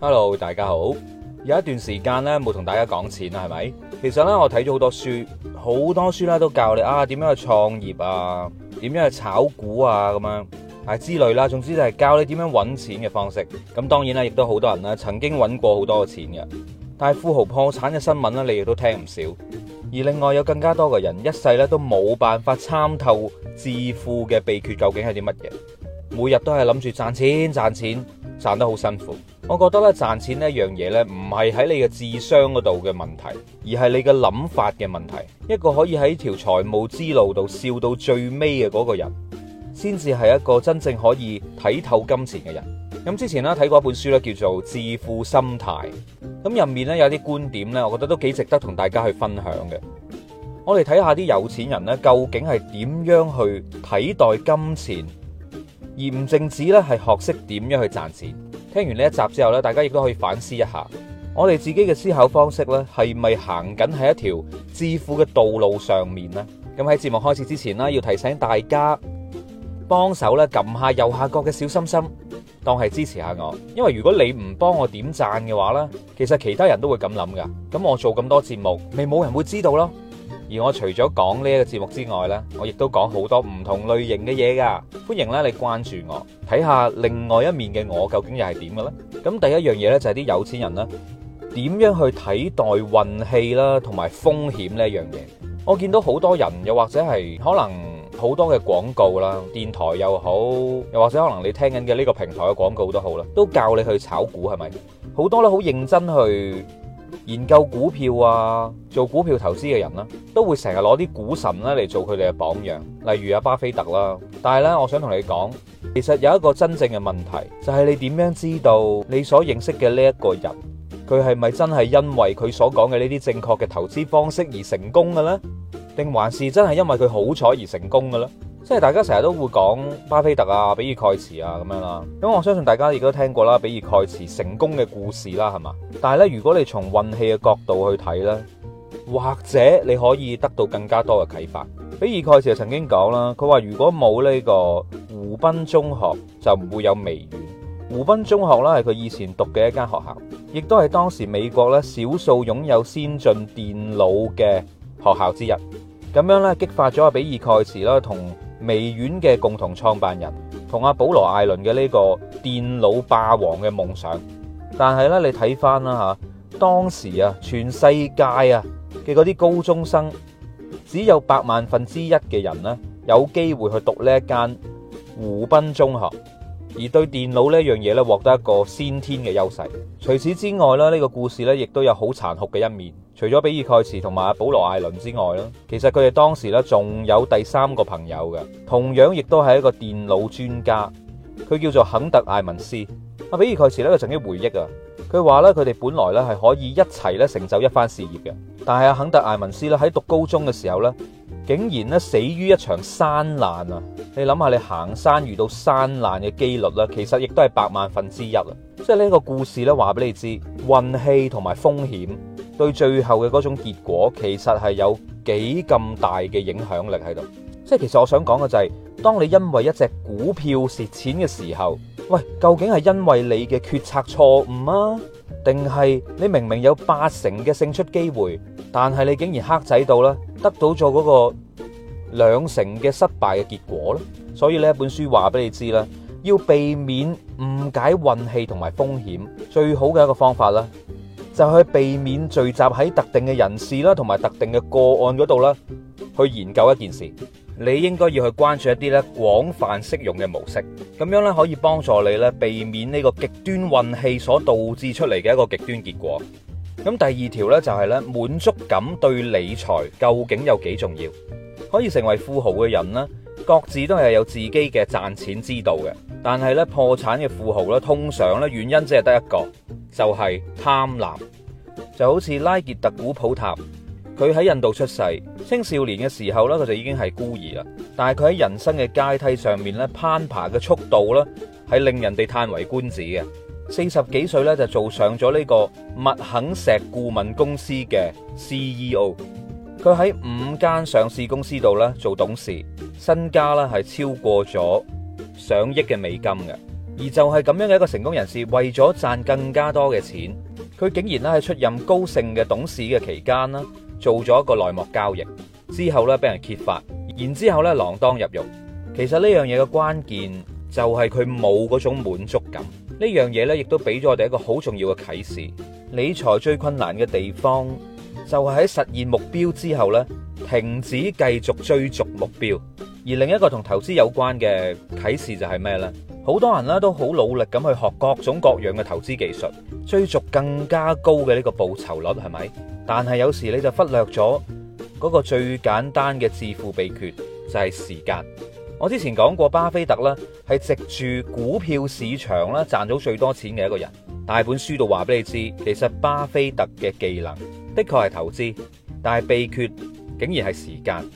Hello，大家好。有一段時間咧冇同大家講錢啦，係咪？其實咧，我睇咗好多書，好多書咧都教你啊，點樣去創業啊，點樣去炒股啊，咁樣啊之類啦。總之就係教你點樣揾錢嘅方式。咁當然啦，亦都好多人啦，曾經揾過好多錢嘅，但係富豪破產嘅新聞咧，你亦都聽唔少。而另外有更加多嘅人，一世咧都冇辦法參透致富嘅秘訣，究竟係啲乜嘢？每日都係諗住賺錢、賺錢、賺得好辛苦。我覺得咧賺錢呢一樣嘢呢唔係喺你嘅智商嗰度嘅問題，而係你嘅諗法嘅問題。一個可以喺條財務之路度笑到最尾嘅嗰個人，先至係一個真正可以睇透金錢嘅人。咁之前咧睇過一本書呢叫做《致富心態》，咁入面呢有啲觀點呢我覺得都幾值得同大家去分享嘅。我哋睇下啲有錢人呢究竟係點樣去睇待金錢，而唔淨止呢係學識點樣去賺錢。聽完呢一集之後咧，大家亦都可以反思一下，我哋自己嘅思考方式咧，係咪行緊喺一條致富嘅道路上面咧？咁喺節目開始之前啦，要提醒大家幫手咧，撳下右下角嘅小心心，當係支持下我。因為如果你唔幫我點讚嘅話咧，其實其他人都會咁諗噶。咁我做咁多節目，咪冇人會知道咯。而我除咗講呢一個節目之外呢，我亦都講好多唔同類型嘅嘢㗎。歡迎咧，你關注我，睇下另外一面嘅我究竟又係點嘅咧。咁第一樣嘢呢，就係啲有錢人啦，點樣去睇待運氣啦，同埋風險呢一樣嘢。我見到好多人，又或者係可能好多嘅廣告啦，電台又好，又或者可能你聽緊嘅呢個平台嘅廣告都好啦，都教你去炒股，係咪？好多咧，好認真去研究股票啊，做股票投資嘅人啦，啊，都會成日攞啲股神咧嚟做佢哋嘅榜樣，例如阿巴菲特啦。但係咧，我想同你講，其實有一個真正嘅問題，就係、是、你點樣知道你所認識嘅呢一個人，佢係咪真係因為佢所講嘅呢啲正確嘅投資方式而成功嘅咧？定還是真係因為佢好彩而成功嘅咧？即係大家成日都會講巴菲特啊、比爾蓋茨啊咁樣啦，咁我相信大家亦都聽過啦，比爾蓋茨成功嘅故事啦，係嘛？但係咧，如果你從運氣嘅角度去睇咧，或者你可以得到更加多嘅啟發。比爾蓋茨曾經講啦，佢話如果冇呢個湖濱中學，就唔會有微軟。湖濱中學咧係佢以前讀嘅一間學校，亦都係當時美國咧少數擁有先進電腦嘅學校之一。咁樣咧激發咗比爾蓋茨啦，同微軟嘅共同創辦人同阿保羅艾倫嘅呢個電腦霸王嘅夢想，但係呢，你睇翻啦吓，當時啊全世界啊嘅嗰啲高中生只有百萬分之一嘅人呢，有機會去讀呢一間湖濱中學，而對電腦呢樣嘢呢，獲得一個先天嘅優勢。除此之外咧，呢個故事呢，亦都有好殘酷嘅一面。除咗比爾蓋茨同埋阿保羅艾倫之外啦，其實佢哋當時咧仲有第三個朋友嘅，同樣亦都係一個電腦專家。佢叫做肯特艾文斯。啊，比爾蓋茨咧，佢曾經回憶啊，佢話咧佢哋本來咧係可以一齊咧成就一番事業嘅，但係阿肯特艾文斯咧喺讀高中嘅時候咧，竟然咧死於一場山難啊！你諗下，你行山遇到山難嘅機率咧，其實亦都係百萬分之一啊！即係呢個故事咧，話俾你知運氣同埋風險。對最後嘅嗰種結果，其實係有幾咁大嘅影響力喺度。即係其實我想講嘅就係，當你因為一隻股票蝕錢嘅時候，喂，究竟係因為你嘅決策錯誤啊，定係你明明有八成嘅勝出機會，但係你竟然黑仔到啦，得到咗嗰個兩成嘅失敗嘅結果呢？所以呢本書話俾你知啦，要避免誤解運氣同埋風險，最好嘅一個方法啦。就去避免聚集喺特定嘅人士啦，同埋特定嘅個案嗰度啦，去研究一件事。你應該要去關注一啲咧廣泛適用嘅模式，咁樣咧可以幫助你咧避免呢個極端運氣所導致出嚟嘅一個極端結果。咁第二條咧，就係咧滿足感對理財究竟有幾重要？可以成為富豪嘅人咧，各自都係有自己嘅賺錢之道嘅，但係咧破產嘅富豪咧，通常咧原因只係得一個。就係貪婪，就好似拉傑特古普塔，佢喺印度出世，青少年嘅時候呢，佢就已經係孤兒啦。但係佢喺人生嘅階梯上面咧，攀爬嘅速度呢，係令人哋歎為觀止嘅。四十幾歲呢，就做上咗呢個麥肯錫顧問公司嘅 CEO。佢喺五間上市公司度呢，做董事，身家呢係超過咗上億嘅美金嘅。而就係咁樣嘅一個成功人士，為咗賺更加多嘅錢，佢竟然咧喺出任高盛嘅董事嘅期間啦，做咗一個內幕交易之後呢，俾人揭發，然之後咧鋃鐺入獄。其實呢樣嘢嘅關鍵就係佢冇嗰種滿足感。呢樣嘢呢亦都俾咗我哋一個好重要嘅啟示：理財最困難嘅地方就係喺實現目標之後呢，停止繼續追逐目標。而另一個同投資有關嘅啟示就係咩呢？好多人咧都好努力咁去學各種各樣嘅投資技術，追逐更加高嘅呢個報酬率，係咪？但係有時你就忽略咗嗰個最簡單嘅致富秘訣，就係時間。我之前講過巴菲特啦，係籍住股票市場啦賺到最多錢嘅一個人，大本書度話俾你知，其實巴菲特嘅技能的確係投資，但係秘訣竟然係時間。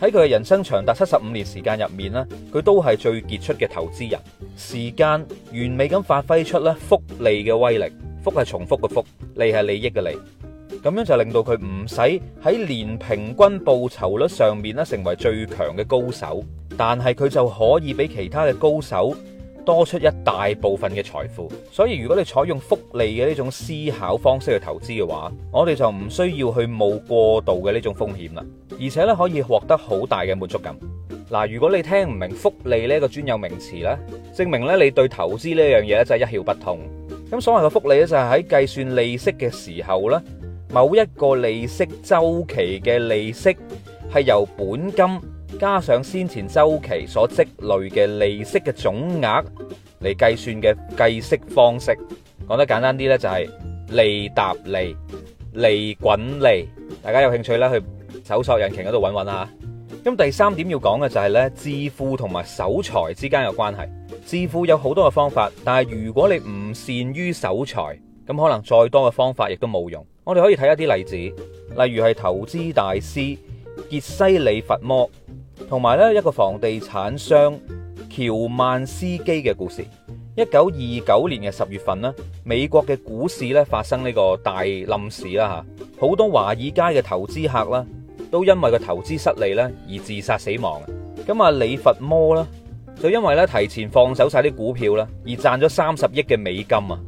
喺佢嘅人生長達七十五年時間入面呢，佢都係最傑出嘅投資人，時間完美咁發揮出咧複利嘅威力，複係重複嘅複，利係利益嘅利，咁樣就令到佢唔使喺年平均報酬率上面咧成為最強嘅高手，但係佢就可以俾其他嘅高手。多出一大部分嘅財富，所以如果你採用複利嘅呢種思考方式去投資嘅話，我哋就唔需要去冒過度嘅呢種風險啦，而且咧可以獲得好大嘅滿足感。嗱，如果你聽唔明複利呢一個專有名詞咧，證明咧你對投資呢一樣嘢咧就係一竅不通。咁所謂嘅複利咧就係喺計算利息嘅時候咧，某一個利息週期嘅利息係由本金加上先前周期所積累嘅利息嘅總額嚟計算嘅計息方式，講得簡單啲呢，就係利疊利、利滾利。大家有興趣呢，去搜索引擎嗰度揾揾啊。咁第三點要講嘅就係呢，致富同埋守財之間嘅關係。致富有好多嘅方法，但係如果你唔善於守財，咁可能再多嘅方法亦都冇用。我哋可以睇一啲例子，例如係投資大師。傑西·李佛摩同埋咧一個房地產商喬曼斯基嘅故事。一九二九年嘅十月份呢，美國嘅股市咧發生呢個大冧市啦，吓，好多華爾街嘅投資客啦都因為個投資失利咧而自殺死亡。咁啊，李佛摩咧就因為咧提前放手晒啲股票啦，而賺咗三十億嘅美金啊！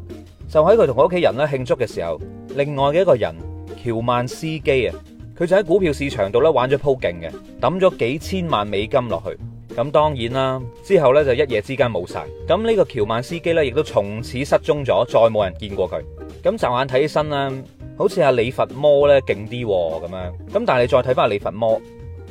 就喺佢同佢屋企人咧慶祝嘅時候，另外嘅一個人喬曼斯基啊。佢就喺股票市場度咧玩咗鋪勁嘅，抌咗幾千萬美金落去。咁當然啦，之後呢就一夜之間冇晒。咁呢個喬曼司基呢，亦都從此失蹤咗，再冇人見過佢。咁驟眼睇起身啦，好似阿李佛摩呢勁啲咁樣。咁但係你再睇翻李佛摩，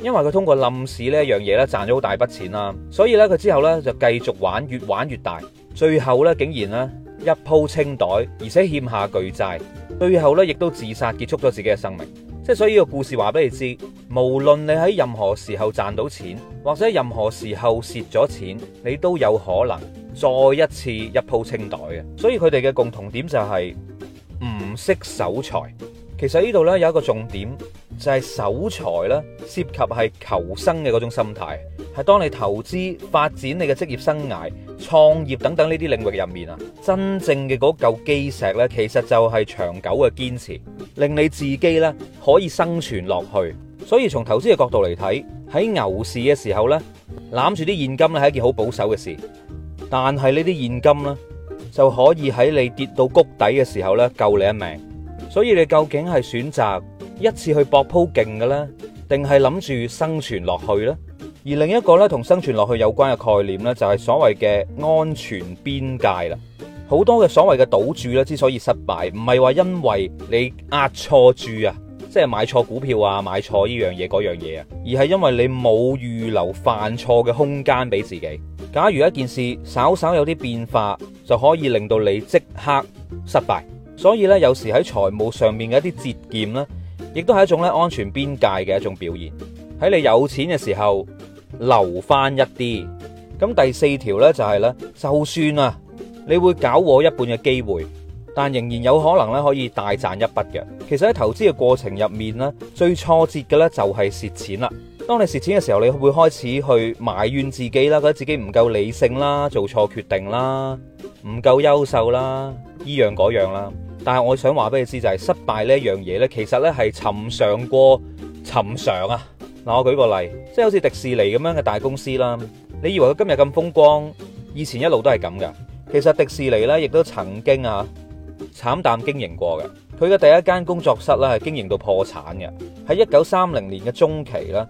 因為佢通過冧市呢一樣嘢呢賺咗好大筆錢啦，所以呢，佢之後呢就繼續玩，越玩越大。最後呢，竟然呢一鋪清袋，而且欠下巨債，最後呢，亦都自殺結束咗自己嘅生命。即係所以個故事話俾你知，無論你喺任何時候賺到錢，或者任何時候蝕咗錢，你都有可能再一次一鋪清袋嘅。所以佢哋嘅共同點就係唔識守財。其實呢度咧有一個重點，就係守財咧涉及係求生嘅嗰種心態，係當你投資、發展你嘅職業生涯、創業等等呢啲領域入面啊，真正嘅嗰嚿基石咧，其實就係長久嘅堅持，令你自己咧可以生存落去。所以從投資嘅角度嚟睇，喺牛市嘅時候呢攬住啲現金咧係一件好保守嘅事，但係呢啲現金呢就可以喺你跌到谷底嘅時候呢救你一命。所以你究竟係選擇一次去搏鋪勁嘅咧，定係諗住生存落去呢？而另一個咧同生存落去有關嘅概念咧，就係所謂嘅安全邊界啦。好多嘅所謂嘅賭注咧之所以失敗，唔係話因為你壓錯注啊，即係買錯股票啊，買錯呢樣嘢嗰樣嘢啊，而係因為你冇預留犯錯嘅空間俾自己。假如一件事稍稍有啲變化，就可以令到你即刻失敗。所以咧，有時喺財務上面嘅一啲節儉咧，亦都係一種咧安全邊界嘅一種表現。喺你有錢嘅時候留翻一啲。咁第四條呢，就係呢：就算啊，你會搞我一半嘅機會，但仍然有可能咧可以大賺一筆嘅。其實喺投資嘅過程入面呢，最挫折嘅呢，就係蝕錢啦。當你蝕錢嘅時候，你會開始去埋怨自己啦，覺得自己唔夠理性啦，做錯決定啦，唔夠優秀啦，依樣嗰樣啦。但係，我想話俾你知就係、是、失敗呢一樣嘢呢，其實呢係尋常過尋常啊。嗱， 我舉個例，即係好似迪士尼咁樣嘅大公司啦。你以為佢今日咁風光，以前一路都係咁嘅。其實迪士尼呢，亦都曾經啊，慘淡經營過嘅。佢嘅第一間工作室呢，係經營到破產嘅。喺一九三零年嘅中期啦，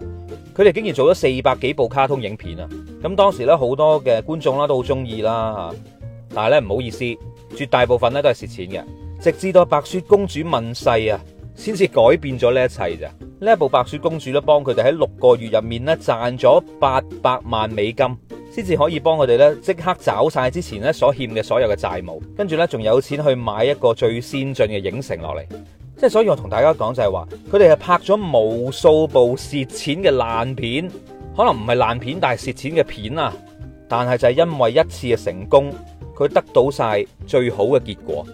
佢哋竟然做咗四百幾部卡通影片啊。咁當時呢，好多嘅觀眾啦都好中意啦嚇，但係呢，唔好意思，絕大部分呢都係蝕錢嘅，直至到白雪公主問世啊，先至改變咗呢一切。咋呢一部白雪公主咧，幫佢哋喺六個月入面咧賺咗八百萬美金，先至可以幫佢哋咧即刻找晒之前咧所欠嘅所有嘅債務，跟住呢，仲有錢去買一個最先進嘅影城落嚟。即係所以我同大家講就係話，佢哋係拍咗無數部蝕錢嘅爛片，可能唔係爛片，但係蝕錢嘅片啊。但係就係因為一次嘅成功，佢得到晒最好嘅結果。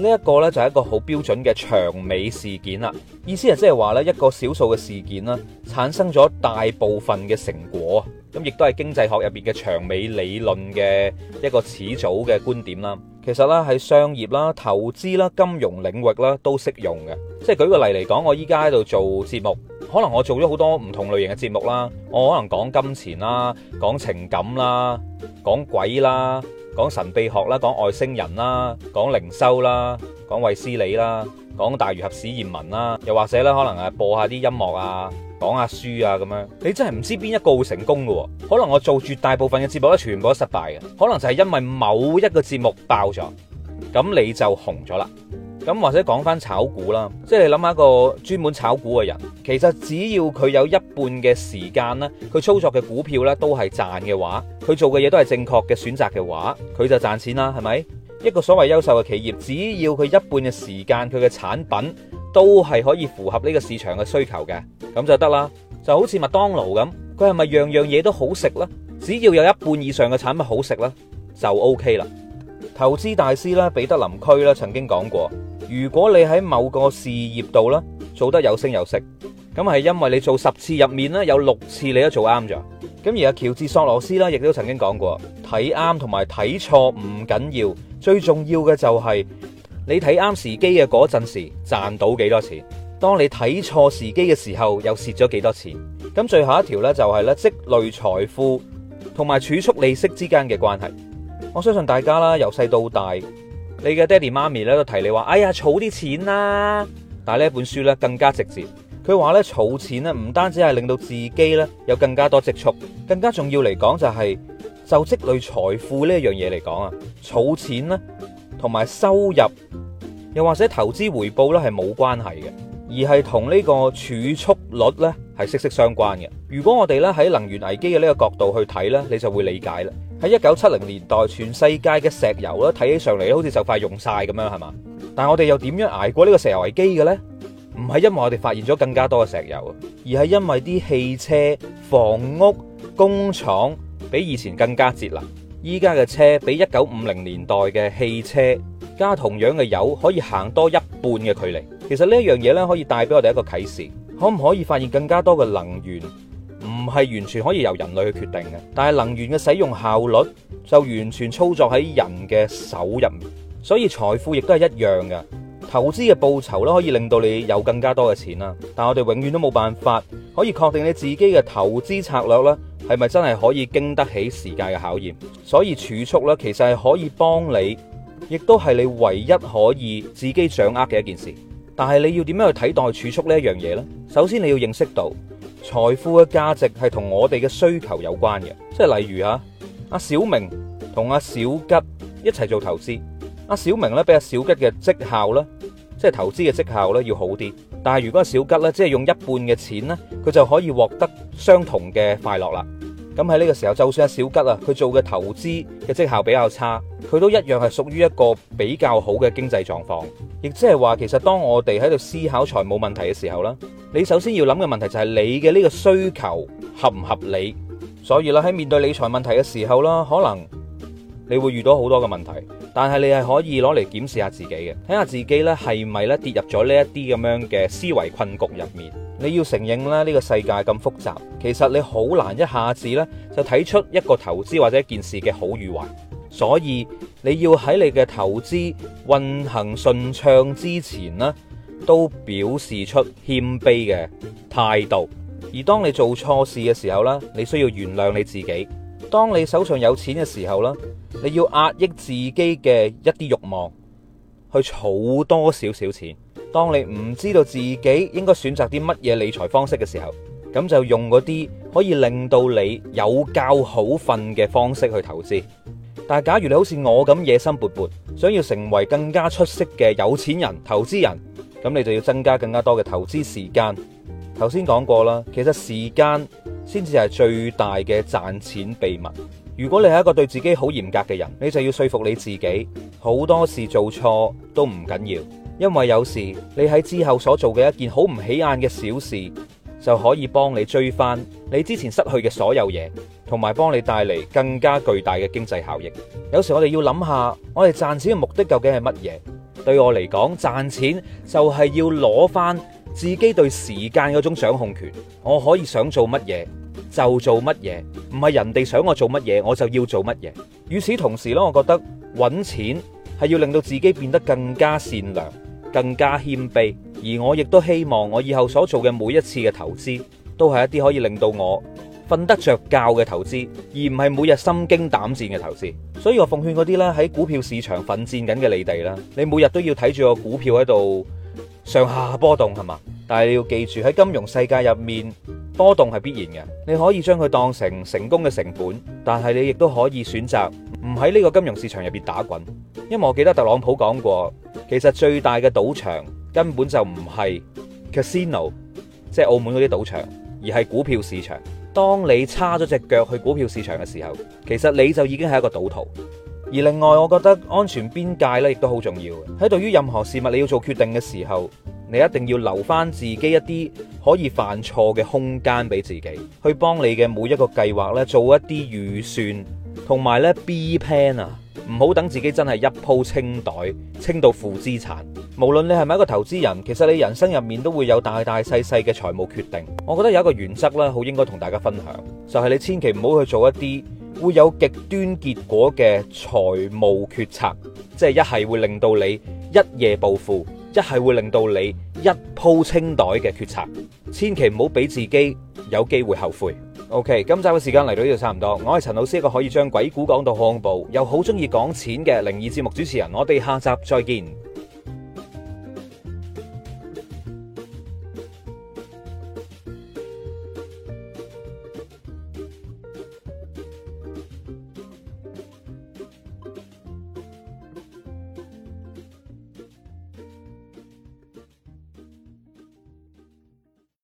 呢一個呢，就係一個好標準嘅長尾事件啦，意思就即係話咧一個少數嘅事件啦，產生咗大部分嘅成果，咁亦都係經濟學入邊嘅長尾理論嘅一個始祖嘅觀點啦。其實咧喺商業啦、投資啦、金融領域啦都適用嘅。即係舉個例嚟講，我依家喺度做節目，可能我做咗好多唔同類型嘅節目啦，我可能講金錢啦、講情感啦、講鬼啦。講神秘學啦，講外星人啦，講靈修啦，講衛斯理啦，講大魚合史艷文啦，又或者咧可能誒播下啲音樂啊，講下書啊咁樣，你真係唔知邊一個會成功噶，可能我做絕大部分嘅節目都全部都失敗嘅，可能就係因為某一個節目爆咗，咁你就紅咗啦。咁或者講翻炒股啦，即係你諗下個專門炒股嘅人，其實只要佢有一半嘅時間咧，佢操作嘅股票咧都係賺嘅話，佢做嘅嘢都係正確嘅選擇嘅話，佢就賺錢啦，係咪？一個所謂優秀嘅企業，只要佢一半嘅時間佢嘅產品都係可以符合呢個市場嘅需求嘅，咁就得啦。就好似麥當勞咁，佢係咪樣樣嘢都好食咧？只要有一半以上嘅產品好食咧，就 OK 啦。投資大師咧，彼得林區咧曾經講過：如果你喺某個事業度呢，做得有聲有色，咁係因為你做十次入面呢，有六次你都做啱咗。咁而阿喬治索羅斯呢，亦都曾經講過：睇啱同埋睇錯唔緊要，最重要嘅就係你睇啱時機嘅嗰陣時賺到幾多錢。當你睇錯時機嘅時候又蝕咗幾多錢？咁最後一條呢，就係呢積累財富同埋儲蓄利息之間嘅關係。我相信大家啦，由細到大，你嘅爹哋媽咪咧都提你話：哎呀，儲啲錢啦！但係呢本書咧更加直接，佢話咧儲錢咧唔單止係令到自己咧有更加多積蓄，更加重要嚟講就係就積累財富呢一樣嘢嚟講啊，儲錢咧同埋收入又或者投資回報咧係冇關係嘅，而係同呢個儲蓄率咧係息息相關嘅。如果我哋咧喺能源危機嘅呢個角度去睇咧，你就會理解啦。喺一九七零年代，全世界嘅石油咧，睇起上嚟好似就快用晒咁樣，係嘛？但係我哋又點樣挨過呢個石油危機嘅咧？唔係因為我哋發現咗更加多嘅石油，而係因為啲汽車、房屋、工廠比以前更加節能。依家嘅車比一九五零年代嘅汽車，加同樣嘅油可以行多一半嘅距離。其實呢一樣嘢咧，可以帶俾我哋一個啟示：可唔可以發現更加多嘅能源？唔係完全可以由人類去決定嘅，但係能源嘅使用效率就完全操作喺人嘅手入面，所以財富亦都係一樣嘅。投資嘅報酬啦，可以令到你有更加多嘅錢啦，但我哋永遠都冇辦法可以確定你自己嘅投資策略啦，係咪真係可以經得起時間嘅考驗？所以儲蓄咧，其實係可以幫你，亦都係你唯一可以自己掌握嘅一件事。但係你要點樣去睇待儲蓄呢一樣嘢呢？首先你要認識到。財富嘅價值係同我哋嘅需求有關嘅，即係例如啊，阿小明同阿小吉一齊做投資，阿小明咧比阿小吉嘅績效啦，即係投資嘅績效咧要好啲，但係如果阿小吉咧只係用一半嘅錢咧，佢就可以獲得相同嘅快樂啦。咁喺呢個時候，就算阿小吉啊，佢做嘅投資嘅績效比較差，佢都一樣係屬於一個比較好嘅經濟狀況。亦即係話，其實當我哋喺度思考財務問題嘅時候啦，你首先要諗嘅問題就係你嘅呢個需求合唔合理。所以啦，喺面對理財問題嘅時候啦，可能。你會遇到好多嘅問題，但係你係可以攞嚟檢視下自己嘅，睇下自己呢係咪呢跌入咗呢一啲咁樣嘅思維困局入面。你要承認咧，呢個世界咁複雜，其實你好難一下子呢就睇出一個投資或者一件事嘅好與壞。所以你要喺你嘅投資運行順暢之前呢，都表示出謙卑嘅態度。而當你做錯事嘅時候呢，你需要原諒你自己。當你手上有錢嘅時候呢。你要壓抑自己嘅一啲慾望，去儲多少少錢。當你唔知道自己應該選擇啲乜嘢理財方式嘅時候，咁就用嗰啲可以令到你有覺好瞓嘅方式去投資。但係假如你好似我咁野心勃勃，想要成為更加出色嘅有錢人、投資人，咁你就要增加更加多嘅投資時間。頭先講過啦，其實時間先至係最大嘅賺錢秘密。如果你係一個對自己好嚴格嘅人，你就要說服你自己，好多事做錯都唔緊要，因為有時你喺之後所做嘅一件好唔起眼嘅小事，就可以幫你追翻你之前失去嘅所有嘢，同埋幫你帶嚟更加巨大嘅經濟效益。有時我哋要諗下，我哋賺錢嘅目的究竟係乜嘢？對我嚟講，賺錢就係要攞翻自己對時間嗰種掌控權，我可以想做乜嘢。就做乜嘢，唔係人哋想我做乜嘢，我就要做乜嘢。與此同時咧，我覺得揾錢係要令到自己變得更加善良、更加謙卑。而我亦都希望我以後所做嘅每一次嘅投資，都係一啲可以令到我瞓得着覺嘅投資，而唔係每日心驚膽戰嘅投資。所以我奉勸嗰啲咧喺股票市場奮戰緊嘅你哋啦，你每日都要睇住個股票喺度上下波動，係嘛？但係你要記住，喺金融世界入面波動係必然嘅，你可以將佢當成成功嘅成本，但係你亦都可以選擇唔喺呢個金融市場入邊打滾。因為我記得特朗普講過，其實最大嘅賭場根本就唔係 casino，即係澳門嗰啲賭場，而係股票市場。當你叉咗隻腳去股票市場嘅時候，其實你就已經係一個賭徒。而另外，我覺得安全邊界咧亦都好重要，喺對於任何事物你要做決定嘅時候，你一定要留翻自己一啲可以犯錯嘅空間俾自己，去幫你嘅每一個計劃呢做一啲預算，同埋呢 B plan 啊，唔好等自己真係一鋪清袋，清到負資產。無論你係咪一個投資人，其實你人生入面都會有大大細細嘅財務決定。我覺得有一個原則咧，好應該同大家分享，就係你千祈唔好去做一啲會有極端結果嘅財務決策，即係一係會令到你一夜暴富。一係會令到你一鋪清袋嘅決策，千祈唔好俾自己有機會後悔。OK，今集嘅時間嚟到呢度差唔多，我係陳老師，一個可以將鬼故講到恐怖，又好中意講錢嘅靈異節目主持人，我哋下集再見。